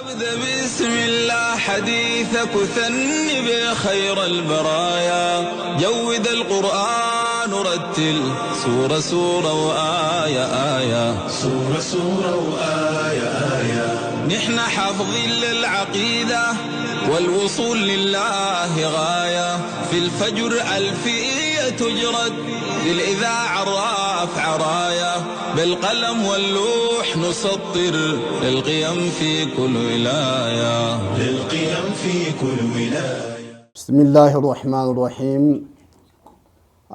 أبدأ بسم الله حديثك وثني بخير البرايا جود القرآن ورتل سورة سورة وآية آية سورة سورة وآية آية نحن حافظين للعقيدة والوصول لله غاية في الفجر ألفية تجرد للإذاعة الراف راية بالقلم واللوح نسطر للقيم في كل ولاية للقيم في كل ولاية بسم الله الرحمن الرحيم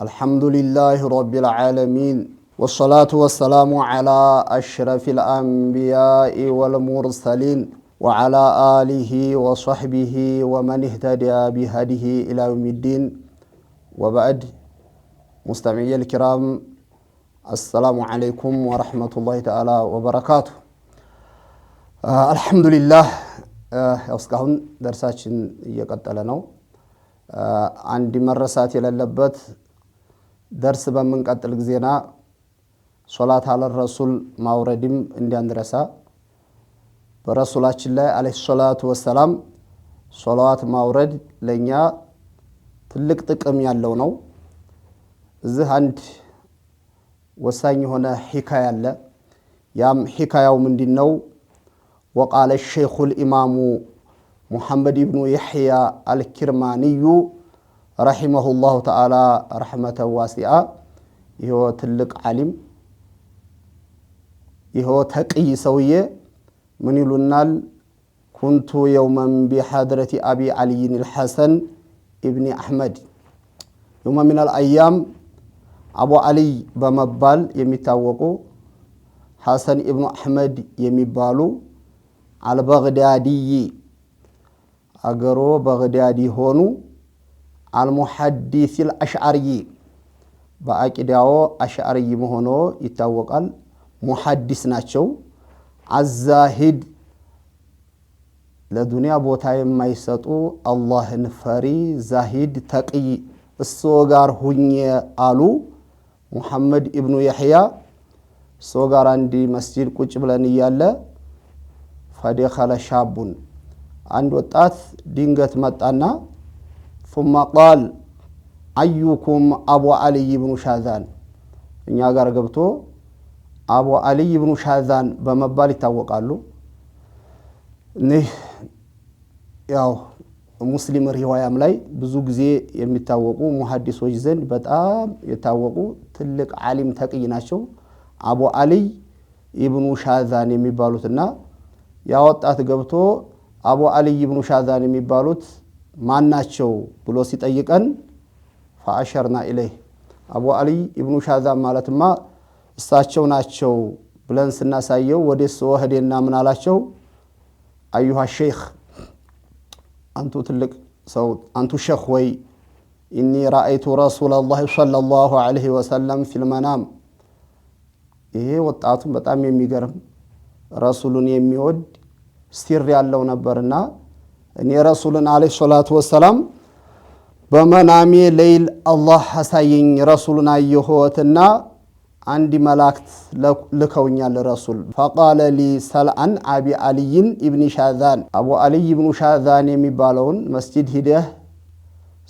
الحمد لله رب العالمين والصلاة والسلام على أشرف الأنبياء والمرسلين وعلى آله وصحبه ومن اهتدى بهديه إلى يوم الدين وبعد مستمعي الكرام አሰላሙ عليكم ورحمة ተዓላ ወበረካቱ وبركاته الحمد እስካሁን ደርሳችን እየቀጠለ ነው። አንድ መረሳት የሌለበት ደርስ በምንቀጥል ጊዜና ሶላት አለ ረሱል ማውረድም እንዳንረሳ በረሱላችን ላይ አለይሂ ሰላቱ ወሰላም ሶላዋት ማውረድ ለእኛ ትልቅ ጥቅም ያለው ነው። እዚህ አንድ ወሳኝ የሆነ ሂካያ አለ። ያም ሂካያው ምንድን ነው? ወቃለ ሸይኹ ልኢማሙ ሙሐመድ ብኑ የሕያ አልኪርማንዩ ረሒመሁ ላሁ ተዓላ ረሕመተ ዋሲአ። ይኸው ትልቅ ዓሊም፣ ይኸው ተቅይ ሰውዬ ምን ይሉናል? ኩንቱ የውመን ቢሓድረቲ አቢ ዓልይን ልሐሰን ኢብኒ አሕመድ የውመ ሚናል አያም አቡ አልይ በመባል የሚታወቁ ሐሰን ኢብኑ አሕመድ የሚባሉ አልበግዳዲይ አገሮ በግዳዲ ሆኑ። አልሙሐዲሲል አሽዓርይ በአቂዳዎ አሽዓርይ መሆኖ ይታወቃል። ሙሐዲስ ናቸው። አዛሂድ ለዱንያ ቦታ የማይሰጡ አላህን ፈሪ ዛሂድ ተቅይ እሶ ጋር ሁኜ አሉ። ሙሐመድ ኢብኑ የሕያ ሰው ጋር አንድ መስጂድ ቁጭ ብለን እያለ ፈደኸለ ሻቡን አንድ ወጣት ድንገት መጣና ፉማ ቃል አዩኩም አቡ አልይ ብኑ ሻዛን እኛ ጋር ገብቶ አቡ አልይ ብኑ ሻዛን በመባል ይታወቃሉ። እኒህ ያው ሙስሊም ሪዋያም ላይ ብዙ ጊዜ የሚታወቁ ሙሐዲሶች ዘንድ በጣም የታወቁ ትልቅ ዓሊም ተቅይ ናቸው። አቡ አልይ ኢብኑ ሻዛን የሚባሉትና ያ ወጣት ገብቶ አቡ አልይ ኢብኑ ሻዛን የሚባሉት ማን ናቸው ብሎ ሲጠይቀን ፈአሸርና ኢለይህ አቡ አልይ ኢብኑ ሻዛን ማለትማ እሳቸው ናቸው ብለን ስናሳየው ወደ ስወህዴና ምን አላቸው አዩሃ ሼክ አንቱ ትልቅ ሰው አንቱ ሸህ ወይ ኢኒ ራአይቱ ረሱላላህ ሰለላሁ ዐለይሂ ወሰለም ፊልመናም። ይሄ ወጣቱን በጣም የሚገርም ረሱሉን የሚወድ ሲር ያለው ነበርና እኔ ረሱልን ዐለይሂ ሰላቱ ወሰላም በመናሜ ሌይል አላህ አሳየኝ ረሱሉን አየሁትና አንድ መላእክት ልከውኛል ረሱል ፈቃለ ሊ ሰልአን አቢ አልይን ኢብኒ ሻዛን አቡ አልይ ኢብኑ ሻዛን የሚባለውን መስጂድ ሂደህ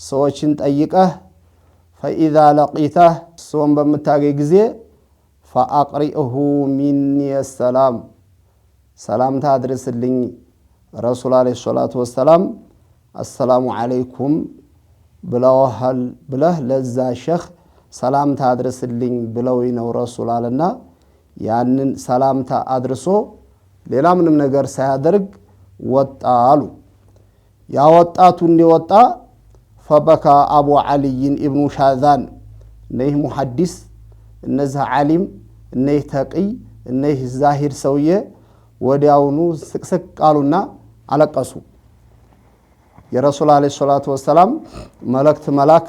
ሰዎችን ጠይቀህ ፈኢዛ ለቂተህ ሰውን በምታገኝ ጊዜ ፈአቅሪእሁ ሚኒ ሰላም ሰላምታ አድርስልኝ። ረሱል አለ ሰላቱ ወሰላም አሰላሙ አለይኩም ብለዋሃል ብለህ ለዛ ሸህ ሰላምታ አድርስልኝ ብለው ነው ረሱል አለና ያንን ሰላምታ አድርሶ ሌላ ምንም ነገር ሳያደርግ ወጣ አሉ። ያ ወጣቱ እንዲወጣ ፈበካ አቡ ዓልይን ኢብኑ ሻዛን እነይህ ሙሐዲስ እነዚህ ዓሊም እነይህ ተቅይ እነይህ ዛሂድ ሰውዬ ወዲያውኑ ስቅስቅ አሉና አለቀሱ። የረሱል ዓለይሂ ሰላቱ ወሰላም መልእክት መላክ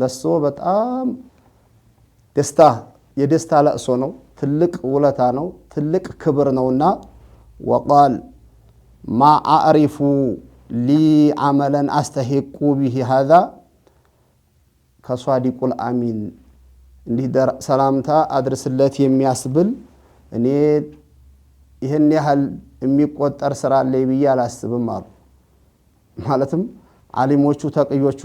ለሶ በጣም ደስታ የደስታ ለእሶ ነው። ትልቅ ውለታ ነው። ትልቅ ክብር ነውና ወቃል ማ አዕሪፉ ሊ ዓመለን አስተሂቁ ብሂ ሃዛ ከሷዲቁል አሚን እንዲህ ሰላምታ አድርስለት የሚያስብል እኔ ይህን ያህል የሚቆጠር ስራ ብዬ አላስብም አሉ። ማለትም አሊሞቹ ተቅዮቹ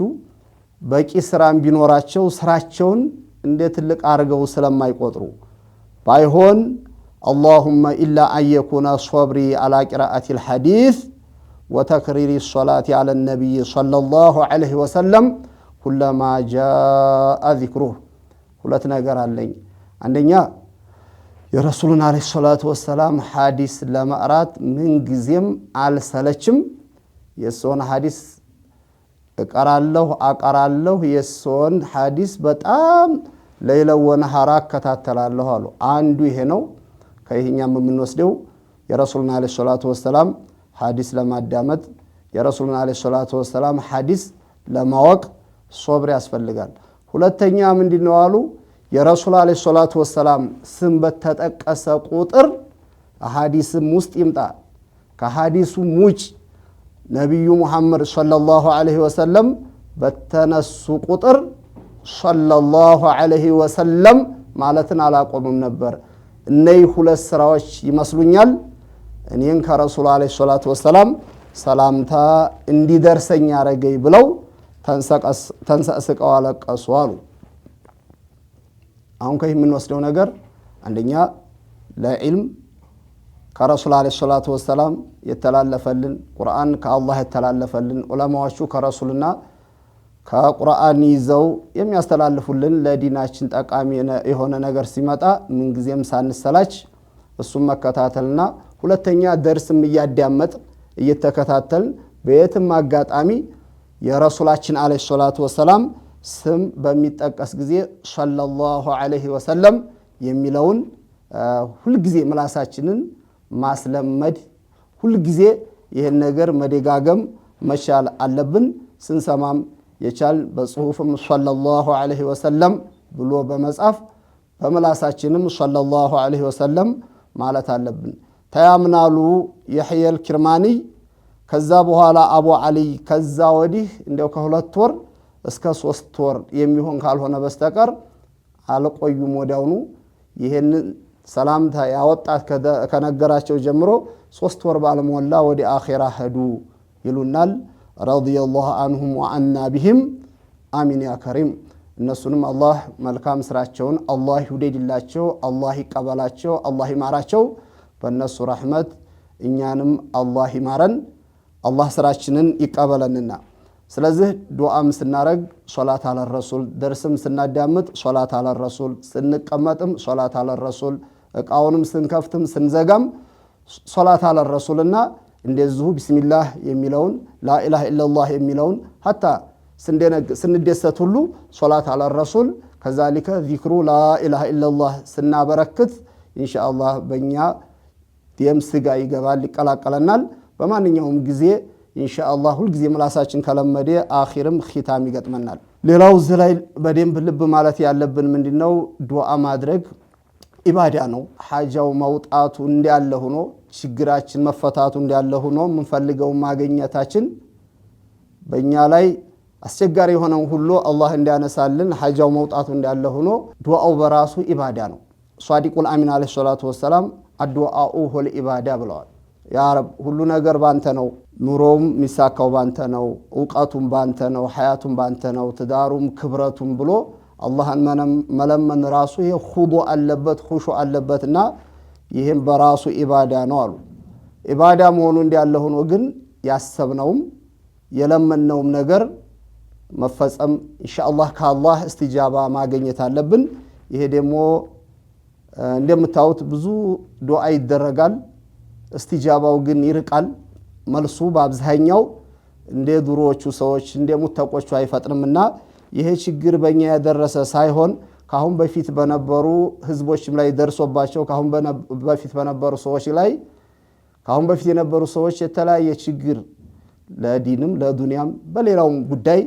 በቂ ስራም ቢኖራቸው ስራቸውን እንደ ትልቅ አድርገው ስለማይቆጥሩ ባይሆን አላሁመ ኢላ አንየኩነ ሶብሪ አላ ቂራአት ልሐዲስ ወተክሪሪ ሶላት አለ ነቢይ ሰለላሁ ዐለይሂ ወሰለም ኩለማ ጃአ ዚክሩህ። ሁለት ነገር አለኝ። አንደኛ የረሱሉን አለ ሰላቱ ወሰላም ሐዲስ ለማዕራት ምንጊዜም አልሰለችም። የእሱን ሐዲስ እቀራለሁ አቀራለሁ የሶን ሐዲስ በጣም ለይለወነ ሐራ እከታተላለሁ አሉ። አንዱ ይሄ ነው። ከይህኛም የምንወስደው የረሱልና አለ ሰላቱ ወሰላም ሐዲስ ለማዳመጥ የረሱልና አለ ሰላቱ ወሰላም ሐዲስ ለማወቅ ሶብር ያስፈልጋል። ሁለተኛ ምንድን ነው አሉ የረሱል አለ ሰላቱ ወሰላም ስም በተጠቀሰ ቁጥር ሐዲስም ውስጥ ይምጣ ከሐዲሱም ውጭ ነቢዩ ሙሐመድ ሶለላሁ አለህ ወሰለም በተነሱ ቁጥር ሶለላሁ ዐለይሂ ወሰለም ማለትን አላቆምም ነበር። እነዚህ ሁለት ስራዎች ይመስሉኛል እኔን ከረሱሉ ዐለይሂ ሰላቱ ወሰላም ሰላምታ እንዲደርሰኝ ያረገኝ ብለው ተንሰቅስቀው አለቀሱ አሉ። አሁን ከይህ የምንወስደው ነገር አንደኛ ለዕልም ከረሱል አለ ሰላቱ ወሰላም የተላለፈልን ቁርአን ከአላህ የተላለፈልን ዑለማዎቹ ከረሱልና ከቁርአን ይዘው የሚያስተላልፉልን ለዲናችን ጠቃሚ የሆነ ነገር ሲመጣ ምንጊዜም ሳንሰላች እሱም መከታተልና ሁለተኛ ደርስም እያዳመጥ እየተከታተልን በየትም አጋጣሚ የረሱላችን አለ ሰላቱ ወሰላም ስም በሚጠቀስ ጊዜ ሰለላሁ አለይህ ወሰለም የሚለውን ሁልጊዜ ምላሳችንን ማስለመድ፣ ሁልጊዜ ይህን ነገር መደጋገም መቻል አለብን። ስንሰማም የቻል በጽሁፍም ሶለላሁ ዐለይሂ ወሰለም ብሎ በመጻፍ በምላሳችንም ሶለላሁ ዐለይሂ ወሰለም ማለት አለብን። ተያምናሉ የሕየል ኪርማኒ ከዛ በኋላ አቡ አሊይ ከዛ ወዲህ እንዲያው ከሁለት ወር እስከ ሶስት ወር የሚሆን ካልሆነ በስተቀር አልቆዩም። ወዲያውኑ ይህንን ሰላምታ ያወጣት ከነገራቸው ጀምሮ ሶስት ወር ባልሞላ ወደ አኼራ ሄዱ ይሉናል። ረዲየላሁ አንሁም ወአና ቢህም አሚን ያ ከሪም። እነሱንም አላህ መልካም ስራቸውን አላህ ይውደድላቸው፣ አላህ ይቀበላቸው፣ አላህ ይማራቸው። በእነሱ ረሕመት እኛንም አላህ ይማረን፣ አላህ ስራችንን ይቀበለንና ስለዚህ ዱዓም ስናረግ ሶላት አለረሱል ደርስም ስናዳምጥ ሶላት አለረሱል ስንቀመጥም ሶላት አለረሱል። ረሱል እቃውንም ስንከፍትም ስንዘጋም ሶላት አለ ረሱልና እንደዚሁ ቢስሚላህ የሚለውን ላኢላህ ኢለላህ የሚለውን ሀታ ስንደሰት ሁሉ ሶላት አለ ረሱል ከዛሊከ ዚክሩ ላኢላህ ኢለላህ ስናበረክት ኢንሻ አላህ በእኛ ደም ስጋ ይገባል ይቀላቀለናል። በማንኛውም ጊዜ ኢንሻ አላህ ሁልጊዜ ምላሳችን ከለመደ አኺርም ኺታም ይገጥመናል። ሌላው እዚህ ላይ በደንብ ልብ ማለት ያለብን ምንድነው ዱዓ ማድረግ ኢባዳ ነው። ሓጃው መውጣቱ እንዳለ ሆኖ ችግራችን መፈታቱ እንዳለ ሆኖ የምንፈልገው ማገኘታችን በእኛ ላይ አስቸጋሪ የሆነው ሁሉ አላህ እንዲያነሳልን ሓጃው መውጣቱ እንዳለ ሆኖ ድዋው በራሱ ኢባዳ ነው። ሷዲቁል አሚን ዓለይሂ ሰላቱ ወሰላም አድዋኡ ሆል ኢባዳ ብለዋል። ያ ሁሉ ነገር ባንተ ነው፣ ኑሮውም የሚሳካው ባንተ ነው፣ እውቀቱም ባንተ ነው፣ ሐያቱም ባንተ ነው፣ ትዳሩም ክብረቱም ብሎ አላህን መለመን ራሱ ይሄ ሁዱ አለበት ሁሹ አለበትና ይህም በራሱ ኢባዳ ነው አሉ። ኢባዳ መሆኑ እንዳለ ሆኖ ግን ያሰብነውም የለመነውም ነገር መፈጸም ኢንሻአላህ ከአላህ እስትጃባ ማግኘት አለብን። ይሄ ደግሞ እንደምታዩት ብዙ ዱዓ ይደረጋል። እስትጃባው ግን ይርቃል። መልሱ በአብዛኛው እንደ ድሮዎቹ ሰዎች እንደ ሙተቆቹ አይፈጥንምና ይሄ ችግር በእኛ ያደረሰ ሳይሆን ካሁን በፊት በነበሩ ህዝቦችም ላይ ደርሶባቸው ካሁን በፊት በነበሩ ሰዎች ላይ ካሁን በፊት የነበሩ ሰዎች የተለያየ ችግር ለዲንም ለዱንያም በሌላውም ጉዳይ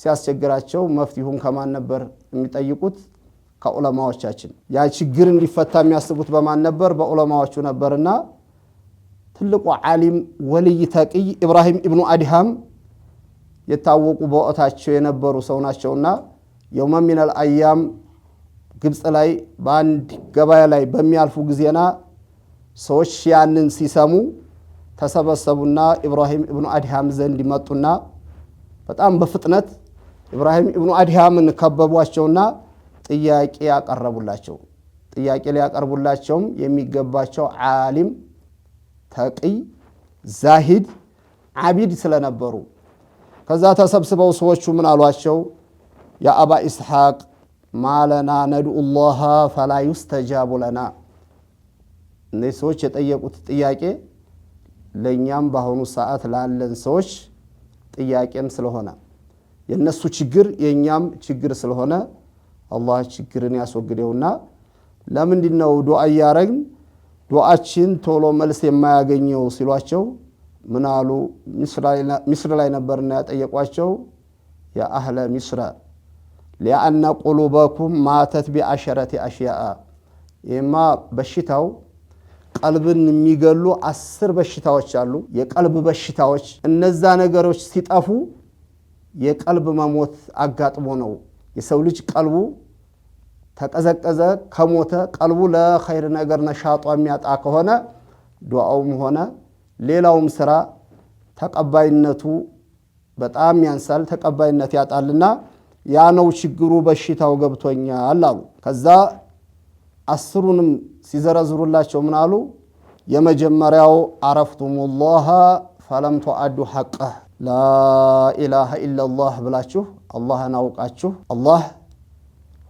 ሲያስቸግራቸው መፍትሁን ከማን ነበር የሚጠይቁት? ከዑለማዎቻችን። ያ ችግር እንዲፈታ የሚያስቡት በማን ነበር? በዑለማዎቹ ነበርና ትልቁ ዓሊም ወልይ ተቅይ ኢብራሂም ኢብኑ አድሃም የታወቁ በወቅታቸው የነበሩ ሰው ናቸውና የውመ ሚነል አያም ግብፅ ላይ በአንድ ገበያ ላይ በሚያልፉ ጊዜና ሰዎች ያንን ሲሰሙ ተሰበሰቡና ኢብራሂም እብኑ አድሃም ዘንድ መጡና በጣም በፍጥነት ኢብራሂም እብኑ አድሃምን ከበቧቸውና ጥያቄ ያቀረቡላቸው። ጥያቄ ሊያቀርቡላቸውም የሚገባቸው ዓሊም ተቅይ፣ ዛሂድ፣ ዓቢድ ስለነበሩ ከዛ ተሰብስበው ሰዎቹ ምን አሏቸው? ያ አባ ኢስሐቅ ማለና ነድኡ ላሃ ፈላ ዩስተጃቡ ለና። እነዚህ ሰዎች የጠየቁት ጥያቄ ለእኛም በአሁኑ ሰዓት ላለን ሰዎች ጥያቄም ስለሆነ የእነሱ ችግር የእኛም ችግር ስለሆነ አላህ ችግርን ያስወግደውና ለምንድን ነው ዱዓ እያረግን ዱዓችን ቶሎ መልስ የማያገኘው ሲሏቸው ምን አሉ? ሚስር ላይ ነበርና ያጠየቋቸው የአህለ ሚስረ ሊአነ ቁሉበኩም ማተት ቢአሸረት አሽያአ ይህማ በሽታው ቀልብን የሚገሉ አስር በሽታዎች አሉ፣ የቀልብ በሽታዎች። እነዛ ነገሮች ሲጠፉ የቀልብ መሞት አጋጥሞ ነው። የሰው ልጅ ቀልቡ ተቀዘቀዘ ከሞተ ቀልቡ ለኸይር ነገር ነሻጧ የሚያጣ ከሆነ ዱዓውም ሆነ ሌላውም ስራ ተቀባይነቱ በጣም ያንሳል፣ ተቀባይነት ያጣልና ያ ነው ችግሩ፣ በሽታው ገብቶኛል አሉ። ከዛ አስሩንም ሲዘረዝሩላቸው ምን አሉ? የመጀመሪያው አረፍቱሙ ላሃ ፈለም ተአዱ ሐቀህ ላኢላሃ ኢለላህ ብላችሁ አላህን አውቃችሁ አላህ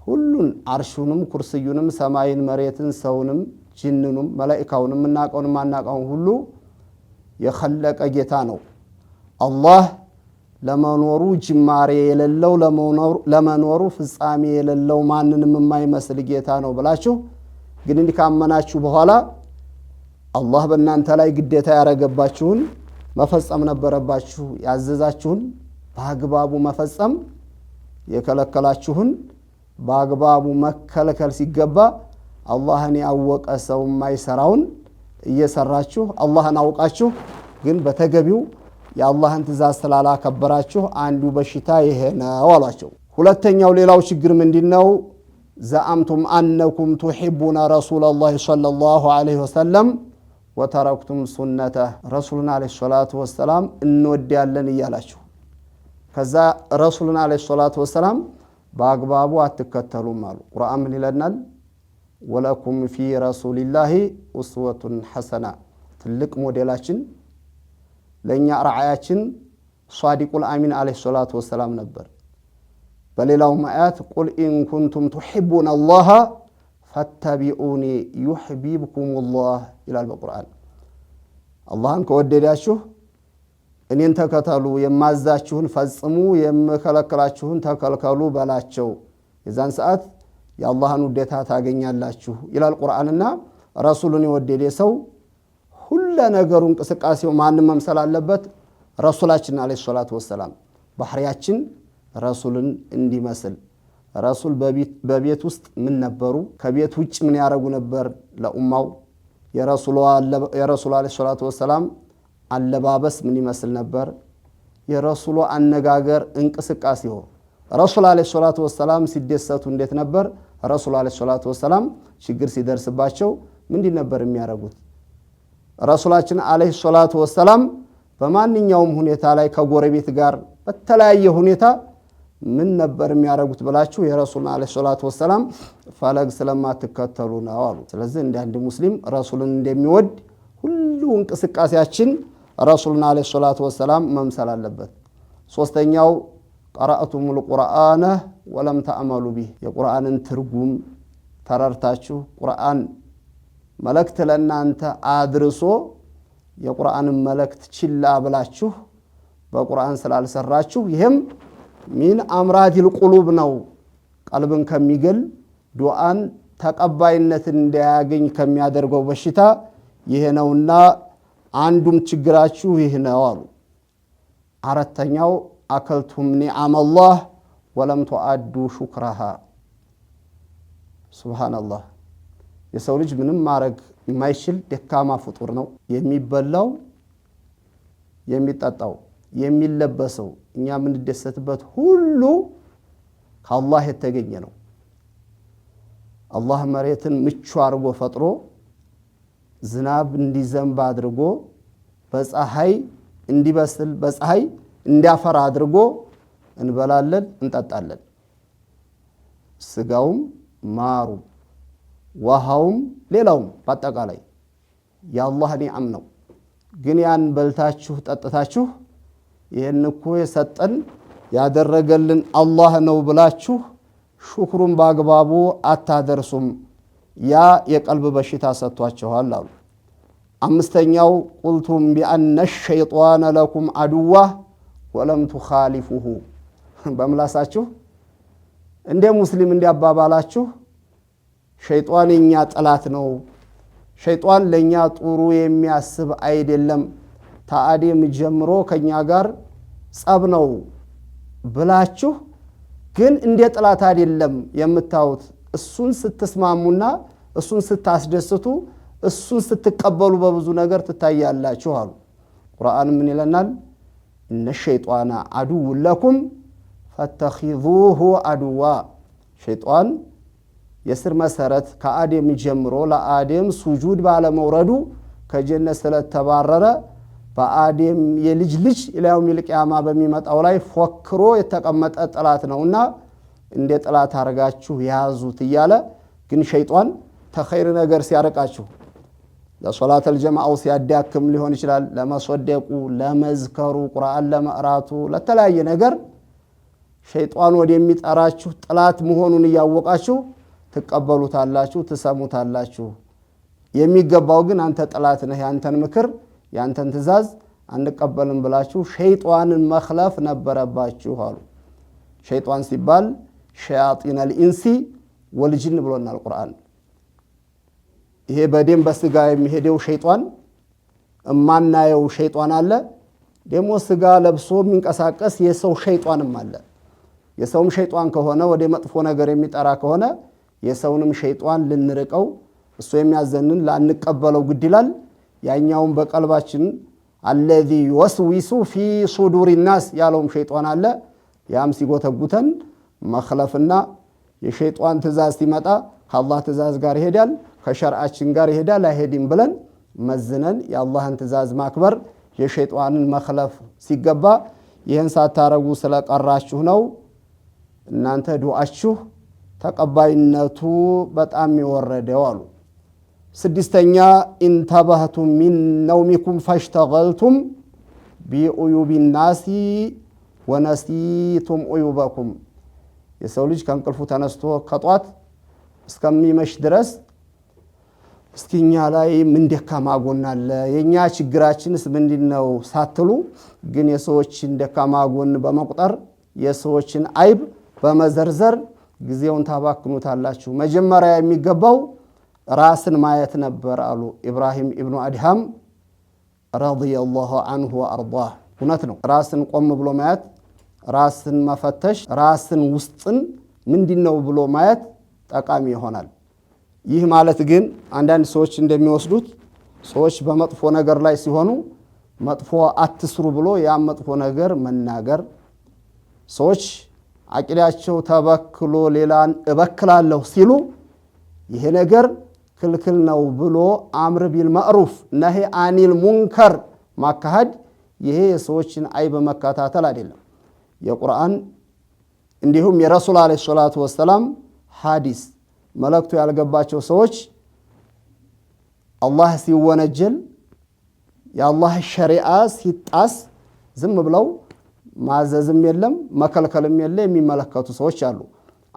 ሁሉን አርሹንም ኩርስዩንም ሰማይን መሬትን ሰውንም ጅንኑም መላኢካውንም እናቀውን ማናቀውን ሁሉ የኸለቀ ጌታ ነው። አላህ ለመኖሩ ጅማሬ የሌለው ለመኖሩ ፍጻሜ የሌለው ማንንም የማይመስል ጌታ ነው ብላችሁ ግን ካመናችሁ በኋላ አላህ በእናንተ ላይ ግዴታ ያደረገባችሁን መፈጸም ነበረባችሁ። ያዘዛችሁን በአግባቡ መፈጸም፣ የከለከላችሁን በአግባቡ መከልከል ሲገባ አላህን ያወቀ ሰው የማይሰራውን እየሰራችሁ አላህን አውቃችሁ ግን በተገቢው የአላህን ትእዛዝ ስላላከበራችሁ አንዱ በሽታ ይሄ ነው አሏቸው። ሁለተኛው ሌላው ችግር ምንድን ነው? ዘአምቱም አነኩም ቱሒቡነ ረሱለላሂ ሰለላሁ ዐለይሂ ወሰለም ወተረክቱም ሱነተ ረሱሉን ዐለይሂ ሰላቱ ወሰላም እንወዳለን እያላችሁ ከዛ ረሱሉን ዐለይሂ ሰላቱ ወሰላም በአግባቡ አትከተሉም አሉ። ቁርአን ምን ይለናል? ወለኩም ፊ ረሱሊላሂ ኡስወቱን ሐሰና ትልቅ ሞዴላችን ለእኛ ረዓያችን ሷዲቁል አሚን ዓለይሂ ሰላቱ ወሰላም ነበር። በሌላውም አያት ቁል ኢንኩንቱም ቱሒቡነ አላህ ፈተቢኡኒ ዩሕቢብኩም ላህ ይላል በቁርአን። አላህን ከወደዳችሁ እኔን ተከተሉ፣ የማዛችሁን ፈጽሙ፣ የምከለክላችሁን ተከልከሉ በላቸው የዛን ሰዓት የአላህን ውዴታ ታገኛላችሁ ይላል ቁርአንና ረሱሉን የወደደ ሰው ሁለ ነገሩ እንቅስቃሴው ማንም መምሰል አለበት ረሱላችን አለ ሰላቱ ወሰላም ባህሪያችን ረሱልን እንዲመስል ረሱል በቤት ውስጥ ምን ነበሩ ከቤት ውጭ ምን ያደረጉ ነበር ለኡማው የረሱሉ አለ ሰላቱ ወሰላም አለባበስ ምን ይመስል ነበር የረሱሉ አነጋገር እንቅስቃሴው ረሱል አለ ሰላቱ ወሰላም ሲደሰቱ እንዴት ነበር ረሱል አለ ሰላቱ ወሰላም ችግር ሲደርስባቸው ምንድን ነበር የሚያደርጉት? ረሱላችን አለህ ሰላቱ ወሰላም በማንኛውም ሁኔታ ላይ ከጎረቤት ጋር በተለያየ ሁኔታ ምን ነበር የሚያደርጉት ብላችሁ የረሱልን አለ ሰላቱ ወሰላም ፈለግ ስለማትከተሉ ነው አሉ። ስለዚህ እንደ አንድ ሙስሊም ረሱልን እንደሚወድ ሁሉ እንቅስቃሴያችን ረሱልን አለ ሰላቱ ወሰላም መምሰል አለበት። ሶስተኛው ቀራአቱሙል ቁርአነ ወለም ተአመሉ ቢህ የቁርአንን ትርጉም ተረርታችሁ ቁርአን መልእክት ለእናንተ አድርሶ የቁርአንን መልእክት ችላ ብላችሁ በቁርአን ስላልሰራችሁ ይህም ሚን አምራዲል ቁሉብ ነው። ቀልብን ከሚገል ዱዓን ተቀባይነት እንዳያገኝ ከሚያደርገው በሽታ ይህ ነውና አንዱም ችግራችሁ ይህ ነው አሉ። አራተኛው አከልቱም ኒዓመላህ ወለም ቱአዱ ሹክራሃ ሱብሃነላህ። የሰው ልጅ ምንም ማድረግ የማይችል ደካማ ፍጡር ነው። የሚበላው፣ የሚጠጣው፣ የሚለበሰው እኛ የምንደሰትበት ሁሉ ከአላህ የተገኘ ነው። አላህ መሬትን ምቹ አድርጎ ፈጥሮ ዝናብ እንዲዘንብ አድርጎ በፀሐይ እንዲበስል በፀሐይ እንዲያፈራ አድርጎ እንበላለን፣ እንጠጣለን። ስጋውም ማሩም ውሃውም ሌላውም በአጠቃላይ የአላህ ኒዓም ነው። ግን ያን በልታችሁ ጠጥታችሁ ይህን እኮ የሰጠን ያደረገልን አላህ ነው ብላችሁ ሹክሩን በአግባቡ አታደርሱም። ያ የቀልብ በሽታ ሰጥቷችኋል አሉ። አምስተኛው ቁልቱም ቢአነ ሸይጣን ለኩም አድዋ ወለም ቱኻሊፉሁ በምላሳችሁ እንደ ሙስሊም እንዲያባባላችሁ ሸይጧን የኛ ጠላት ነው፣ ሸይጧን ለእኛ ጥሩ የሚያስብ አይደለም፣ ታአዴም ጀምሮ ከእኛ ጋር ጸብ ነው ብላችሁ ግን እንደ ጠላት አይደለም የምታዩት። እሱን ስትስማሙና እሱን ስታስደስቱ እሱን ስትቀበሉ በብዙ ነገር ትታያላችሁ አሉ። ቁርአን ምን ይለናል? እነ ሸይጧና አዱው ለኩም ፈተኪዙሁ አድዋ ሸይጣን የስር መሰረት ከአዴም ጀምሮ ለአዴም ሱጁድ ባለመውረዱ ከጀነት ስለተባረረ በአዴም የልጅ ልጅ ኢላዩም ልቅያማ በሚመጣው ላይ ፎክሮ የተቀመጠ ጠላት ነውና እንደ ጠላት አድርጋችሁ ያዙት እያለ ግን ሸይጧን ተኸይር ነገር ሲያርቃችሁ ለሶላተል ጀማአው ሲያዳክም ሊሆን ይችላል። ለመሶደቁ፣ ለመዝከሩ፣ ቁርአን ለመዕራቱ፣ ለተለያየ ነገር ሸይጣን ወደሚጠራችሁ ጥላት መሆኑን እያወቃችሁ ትቀበሉታላችሁ፣ ትሰሙታላችሁ። የሚገባው ግን አንተ ጥላት ነህ፣ ያንተን ምክር፣ ያንተን ትእዛዝ አንቀበልም ብላችሁ ሸይጣንን መክለፍ ነበረባችሁ አሉ። ሸይጣን ሲባል ሸያጢን ኢንሲ ወልጅን ብሎናል ቁርአን። ይሄ በደም በስጋ የሚሄደው ሸይጣን እማናየው ሸይጣን አለ። ደግሞ ስጋ ለብሶ የሚንቀሳቀስ የሰው ሸይጣንም አለ። የሰውም ሸይጧን ከሆነ ወደ መጥፎ ነገር የሚጠራ ከሆነ የሰውንም ሸይጧን ልንርቀው እሱ የሚያዘንን ላንቀበለው ግድ ይላል። ያኛውን በቀልባችን አለዚ ወስዊሱ ፊ ሱዱሪ ናስ ያለውም ሸይጧን አለ። ያም ሲጎተጉተን መክለፍና የሸይጧን ትእዛዝ ሲመጣ ከአላህ ትእዛዝ ጋር ይሄዳል፣ ከሸርአችን ጋር ይሄዳል አይሄድም ብለን መዝነን የአላህን ትእዛዝ ማክበር የሸይጧንን መክለፍ ሲገባ ይህን ሳታረጉ ስለቀራችሁ ነው። እናንተ ዱዓችሁ ተቀባይነቱ በጣም የወረደው አሉ። ስድስተኛ ኢንተባህቱም ሚን ነውሚኩም ፈሽተገልቱም ቢዑዩብ ናሲ ወነሲቱም ዑዩበኩም። የሰው ልጅ ከእንቅልፉ ተነስቶ ከጧት እስከሚመሽ ድረስ እስኪኛ ላይ ምን ደካማ ጎን አለ፣ የእኛ ችግራችንስ ምንድን ነው ሳትሉ ግን የሰዎችን ደካማ ጎን በመቁጠር የሰዎችን አይብ በመዘርዘር ጊዜውን ታባክኑታላችሁ። መጀመሪያ የሚገባው ራስን ማየት ነበር አሉ ኢብራሂም ኢብኑ አድሃም ረዲየላሁ አንሁ ወአርዳህ። እውነት ነው። ራስን ቆም ብሎ ማየት፣ ራስን መፈተሽ፣ ራስን ውስጥን ምንድን ነው ብሎ ማየት ጠቃሚ ይሆናል። ይህ ማለት ግን አንዳንድ ሰዎች እንደሚወስዱት ሰዎች በመጥፎ ነገር ላይ ሲሆኑ መጥፎ አትስሩ ብሎ ያ መጥፎ ነገር መናገር ሰዎች አቂዳቸው ተበክሎ ሌላን እበክላለሁ ሲሉ ይሄ ነገር ክልክል ነው ብሎ አምር ቢል ማዕሩፍ ነሄ አኒል ሙንከር ማካሄድ ይሄ የሰዎችን አይብ መከታተል አይደለም። የቁርአን እንዲሁም የረሱል ዓለይሂ ሰላቱ ወሰላም ሐዲስ መልእክቱ ያልገባቸው ሰዎች አላህ ሲወነጀል የአላህ ሸሪዓ ሲጣስ ዝም ብለው ማዘዝም የለም መከልከልም የለ የሚመለከቱ ሰዎች አሉ።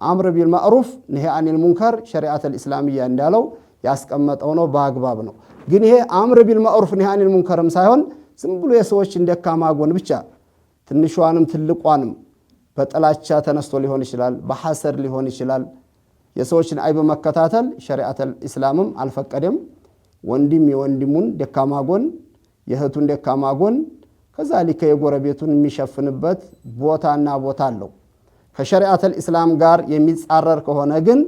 አምር ቢል ማዕሩፍ ንሄ አኒል ሙንከር ሸሪአት ልእስላምያ እንዳለው ያስቀመጠው ነው፣ በአግባብ ነው። ግን ይሄ አምር ቢል ማዕሩፍ ንሄ አኒል ሙንከርም ሳይሆን ዝም ብሎ የሰዎችን ደካማ ጎን ብቻ ትንሿንም ትልቋንም በጥላቻ ተነስቶ ሊሆን ይችላል፣ በሐሰድ ሊሆን ይችላል። የሰዎችን አይብ መከታተል ሸሪአት ኢስላምም አልፈቀደም። ወንድም የወንድሙን ደካማ ጎን የእህቱን ደካማ ጎን ከዛሊከ የጎረቤቱን የሚሸፍንበት ቦታና ቦታ አለው። ከሸሪአት ኢስላም ጋር የሚጻረር ከሆነ ግን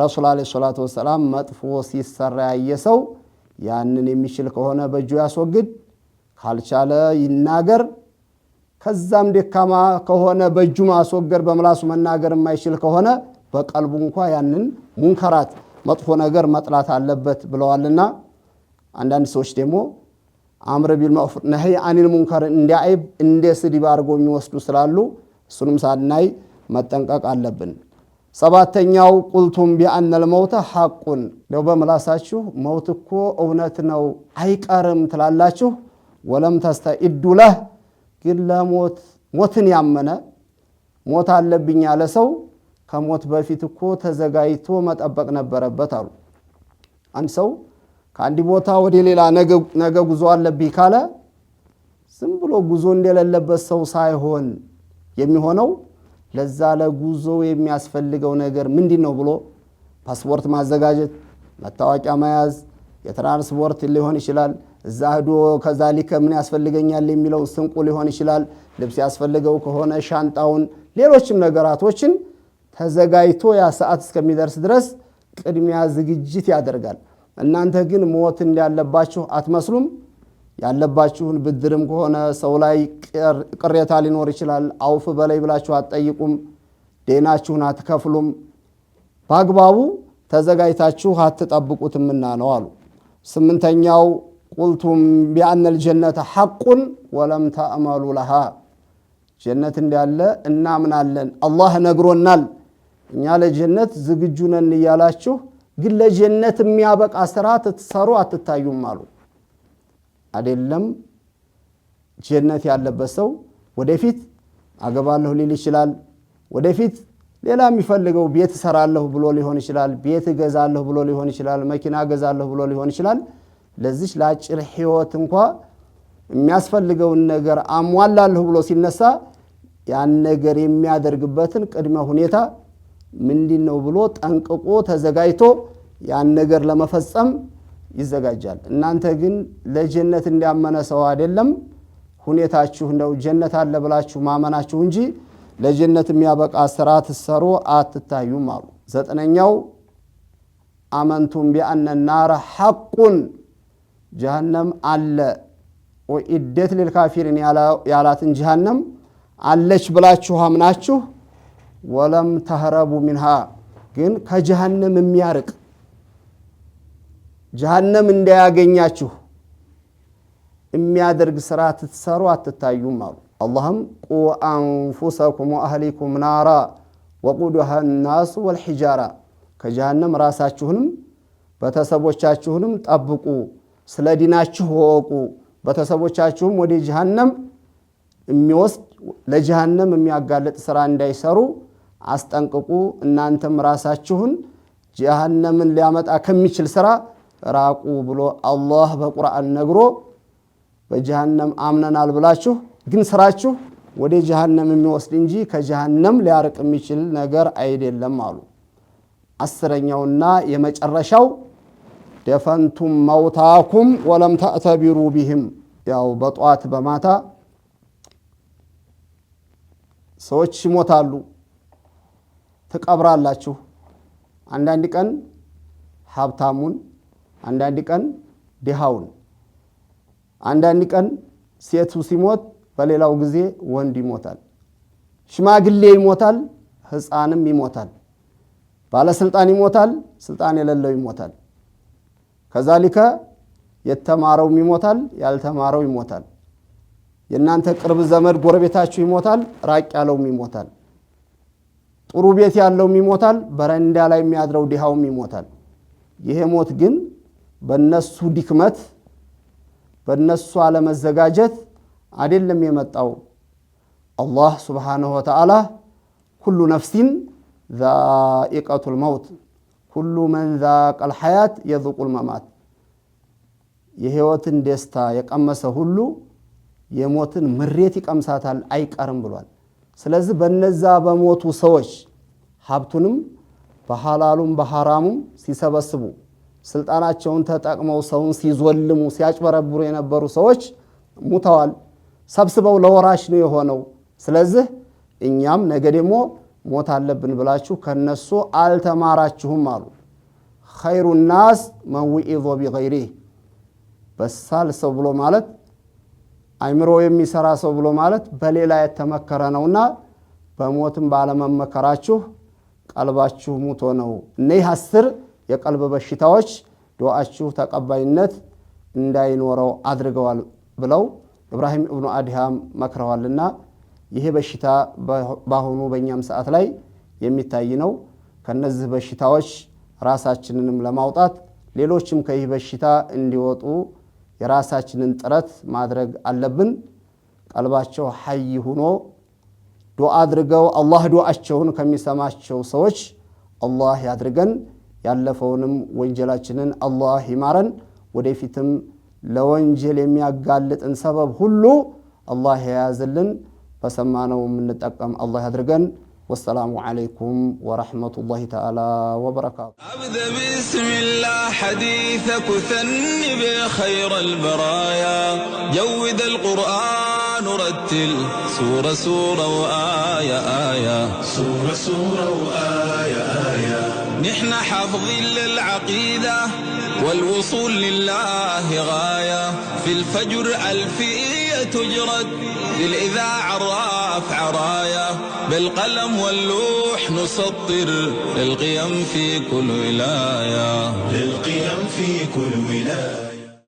ረሱል ዓለይሂ ሰላቱ ወሰላም መጥፎ ሲሰራ ያየ ሰው ያንን የሚችል ከሆነ በእጁ ያስወግድ፣ ካልቻለ ይናገር። ከዛም ደካማ ከሆነ በእጁ ማስወገድ፣ በምላሱ መናገር የማይችል ከሆነ በቀልቡ እንኳ ያንን ሙንከራት መጥፎ ነገር መጥላት አለበት ብለዋልና አንዳንድ ሰዎች ደግሞ አምር ቢልማዕሩፍ ነህይ አኒል ሙንከር እንደ አይብ እንደ ስድብ አድርጎ የሚወስዱ ስላሉ እሱንም ሳናይ መጠንቀቅ አለብን። ሰባተኛው ቁልቱም ቢአነል መውተ ሐቁን ለው በምላሳችሁ መውት እኮ እውነት ነው አይቀርም ትላላችሁ። ወለም ተስተኢዱ ለህ ግን ለሞት ሞትን ያመነ ሞት አለብኝ ያለ ሰው ከሞት በፊት እኮ ተዘጋጅቶ መጠበቅ ነበረበት አሉ አንድ ሰው ከአንድ ቦታ ወደ ሌላ ነገ ጉዞ አለብኝ ካለ ዝም ብሎ ጉዞ እንደሌለበት ሰው ሳይሆን የሚሆነው ለዛ ለጉዞ የሚያስፈልገው ነገር ምንድን ነው ብሎ ፓስፖርት ማዘጋጀት፣ መታወቂያ መያዝ፣ የትራንስፖርት ሊሆን ይችላል። እዛ ከዛ ሊከ ምን ያስፈልገኛል የሚለው ስንቁ ሊሆን ይችላል። ልብስ ያስፈልገው ከሆነ ሻንጣውን፣ ሌሎችም ነገራቶችን ተዘጋጅቶ ያ ሰዓት እስከሚደርስ ድረስ ቅድሚያ ዝግጅት ያደርጋል። እናንተ ግን ሞት እንዳለባችሁ አትመስሉም። ያለባችሁን ብድርም ከሆነ ሰው ላይ ቅሬታ ሊኖር ይችላል። አውፍ በላይ ብላችሁ አትጠይቁም፣ ዴናችሁን አትከፍሉም፣ በአግባቡ ተዘጋጅታችሁ አትጠብቁትምና ነው አሉ። ስምንተኛው ቁልቱም ቢአነል ጀነተ ሐቁን ወለም ተእመሉ ለሃ ጀነት እንዳለ እናምናለን፣ አላህ ነግሮናል፣ እኛ ለጀነት ዝግጁ ነን እያላችሁ ግን ለጀነት የሚያበቃ ስራ ትትሰሩ አትታዩም አሉ። አይደለም ጀነት ያለበት ሰው ወደፊት አገባለሁ ሊል ይችላል። ወደፊት ሌላ የሚፈልገው ቤት እሰራለሁ ብሎ ሊሆን ይችላል። ቤት እገዛለሁ ብሎ ሊሆን ይችላል። መኪና እገዛለሁ ብሎ ሊሆን ይችላል። ለዚች ለአጭር ህይወት እንኳ የሚያስፈልገውን ነገር አሟላለሁ ብሎ ሲነሳ ያን ነገር የሚያደርግበትን ቅድመ ሁኔታ ምንድን ነው ብሎ ጠንቅቆ ተዘጋጅቶ ያን ነገር ለመፈጸም ይዘጋጃል። እናንተ ግን ለጀነት እንዲያመነ ሰው አይደለም። ሁኔታችሁ እንደው ጀነት አለ ብላችሁ ማመናችሁ እንጂ ለጀነት የሚያበቃ ስራ ትሰሩ አትታዩም አሉ። ዘጠነኛው አመንቱም ቢአነ ናረ ሐቁን ጀሃነም አለ ወኢደት ልልካፊርን ያላትን ጀሃነም አለች ብላችሁ አምናችሁ ወለም ተህረቡ ሚንሃ ግን ከጀሃነም የሚያርቅ ጀሃነም እንዳያገኛችሁ የሚያደርግ ስራ ትትሰሩ አትታዩም አሉ። አላህም ቁ አንፉሰኩም ወአህሊኩም ናራ ወቁዱሃ ናሱ ወልሒጃራ ከጀሃነም ራሳችሁንም ቤተሰቦቻችሁንም ጠብቁ፣ ስለ ዲናችሁ ወቁ። ቤተሰቦቻችሁም ወደ ጀሃነም የሚወስድ ለጀሃነም የሚያጋልጥ ስራ እንዳይሰሩ አስጠንቅቁ፣ እናንተም ራሳችሁን ጀሃነምን ሊያመጣ ከሚችል ስራ ራቁ ብሎ አላህ በቁርአን ነግሮ በጀሃነም አምነናል ብላችሁ ግን ስራችሁ ወደ ጀሃነም የሚወስድ እንጂ ከጀሃነም ሊያርቅ የሚችል ነገር አይደለም አሉ። አስረኛውና የመጨረሻው ደፈንቱም መውታኩም ወለም ተዕተቢሩ ቢህም፣ ያው በጠዋት በማታ ሰዎች ይሞታሉ። ትቀብራላችሁ። አንዳንድ ቀን ሀብታሙን፣ አንዳንድ ቀን ድሃውን፣ አንዳንድ ቀን ሴቱ ሲሞት በሌላው ጊዜ ወንድ ይሞታል፣ ሽማግሌ ይሞታል፣ ሕፃንም ይሞታል፣ ባለስልጣን ይሞታል፣ ስልጣን የሌለው ይሞታል። ከዛሊከ የተማረውም ይሞታል፣ ያልተማረው ይሞታል። የእናንተ ቅርብ ዘመድ ጎረቤታችሁ ይሞታል፣ ራቅ ያለውም ይሞታል። ጥሩ ቤት ያለውም ይሞታል፣ በረንዳ ላይ የሚያድረው ድሃውም ይሞታል። ይሄ ሞት ግን በነሱ ድክመት በነሱ አለመዘጋጀት አይደለም የመጣው። አላህ ሱብሓነሁ ወተዓላ ኩሉ ነፍሲን ዛኢቀቱል መውት ኩሉ መን ዛቀል ሐያት የዙቁል መማት የህይወትን ደስታ የቀመሰ ሁሉ የሞትን ምሬት ይቀምሳታል አይቀርም ብሏል። ስለዚህ በነዛ በሞቱ ሰዎች ሀብቱንም በሐላሉም በሐራሙም ሲሰበስቡ ስልጣናቸውን ተጠቅመው ሰውን ሲዞልሙ ሲያጭበረብሩ የነበሩ ሰዎች ሙተዋል። ሰብስበው ለወራሽ ነው የሆነው። ስለዚህ እኛም ነገ ደግሞ ሞት አለብን ብላችሁ ከነሱ አልተማራችሁም አሉ። ኸይሩ ናስ መን ውዒዞ ቢገይሪህ በሳል ሰው ብሎ ማለት አይምሮ የሚሰራ ሰው ብሎ ማለት በሌላ የተመከረ ነውና በሞትም ባለመመከራችሁ ቀልባችሁ ሙቶ ነው። እነዚህ አስር የቀልብ በሽታዎች ዱዓችሁ ተቀባይነት እንዳይኖረው አድርገዋል ብለው ኢብራሂም እብኑ አድሃም መክረዋልና ይሄ በሽታ በአሁኑ በእኛም ሰዓት ላይ የሚታይ ነው። ከነዚህ በሽታዎች ራሳችንንም ለማውጣት ሌሎችም ከይህ በሽታ እንዲወጡ የራሳችንን ጥረት ማድረግ አለብን። ቀልባቸው ሐይ ሁኖ ዱዓ አድርገው አላህ ዱዓቸውን ከሚሰማቸው ሰዎች አላህ ያድርገን። ያለፈውንም ወንጀላችንን አላህ ይማረን። ወደፊትም ለወንጀል የሚያጋልጥን ሰበብ ሁሉ አላህ የያዝልን። በሰማነው የምንጠቀም አላህ ያድርገን። والسلام عليكم ورحمة الله تعالى وبركاته أبدأ بسم الله حديثك ثنب خير البرايا جود القرآن رتل سورة سورة وآية آية سورة سورة وآية آية نحن حافظين للعقيدة والوصول لله غاية في الفجر ألفية تجرد للإذاعة الرافعة راية بالقلم واللوح نسطر للقيم في كل ولاية للقيم في كل ولاية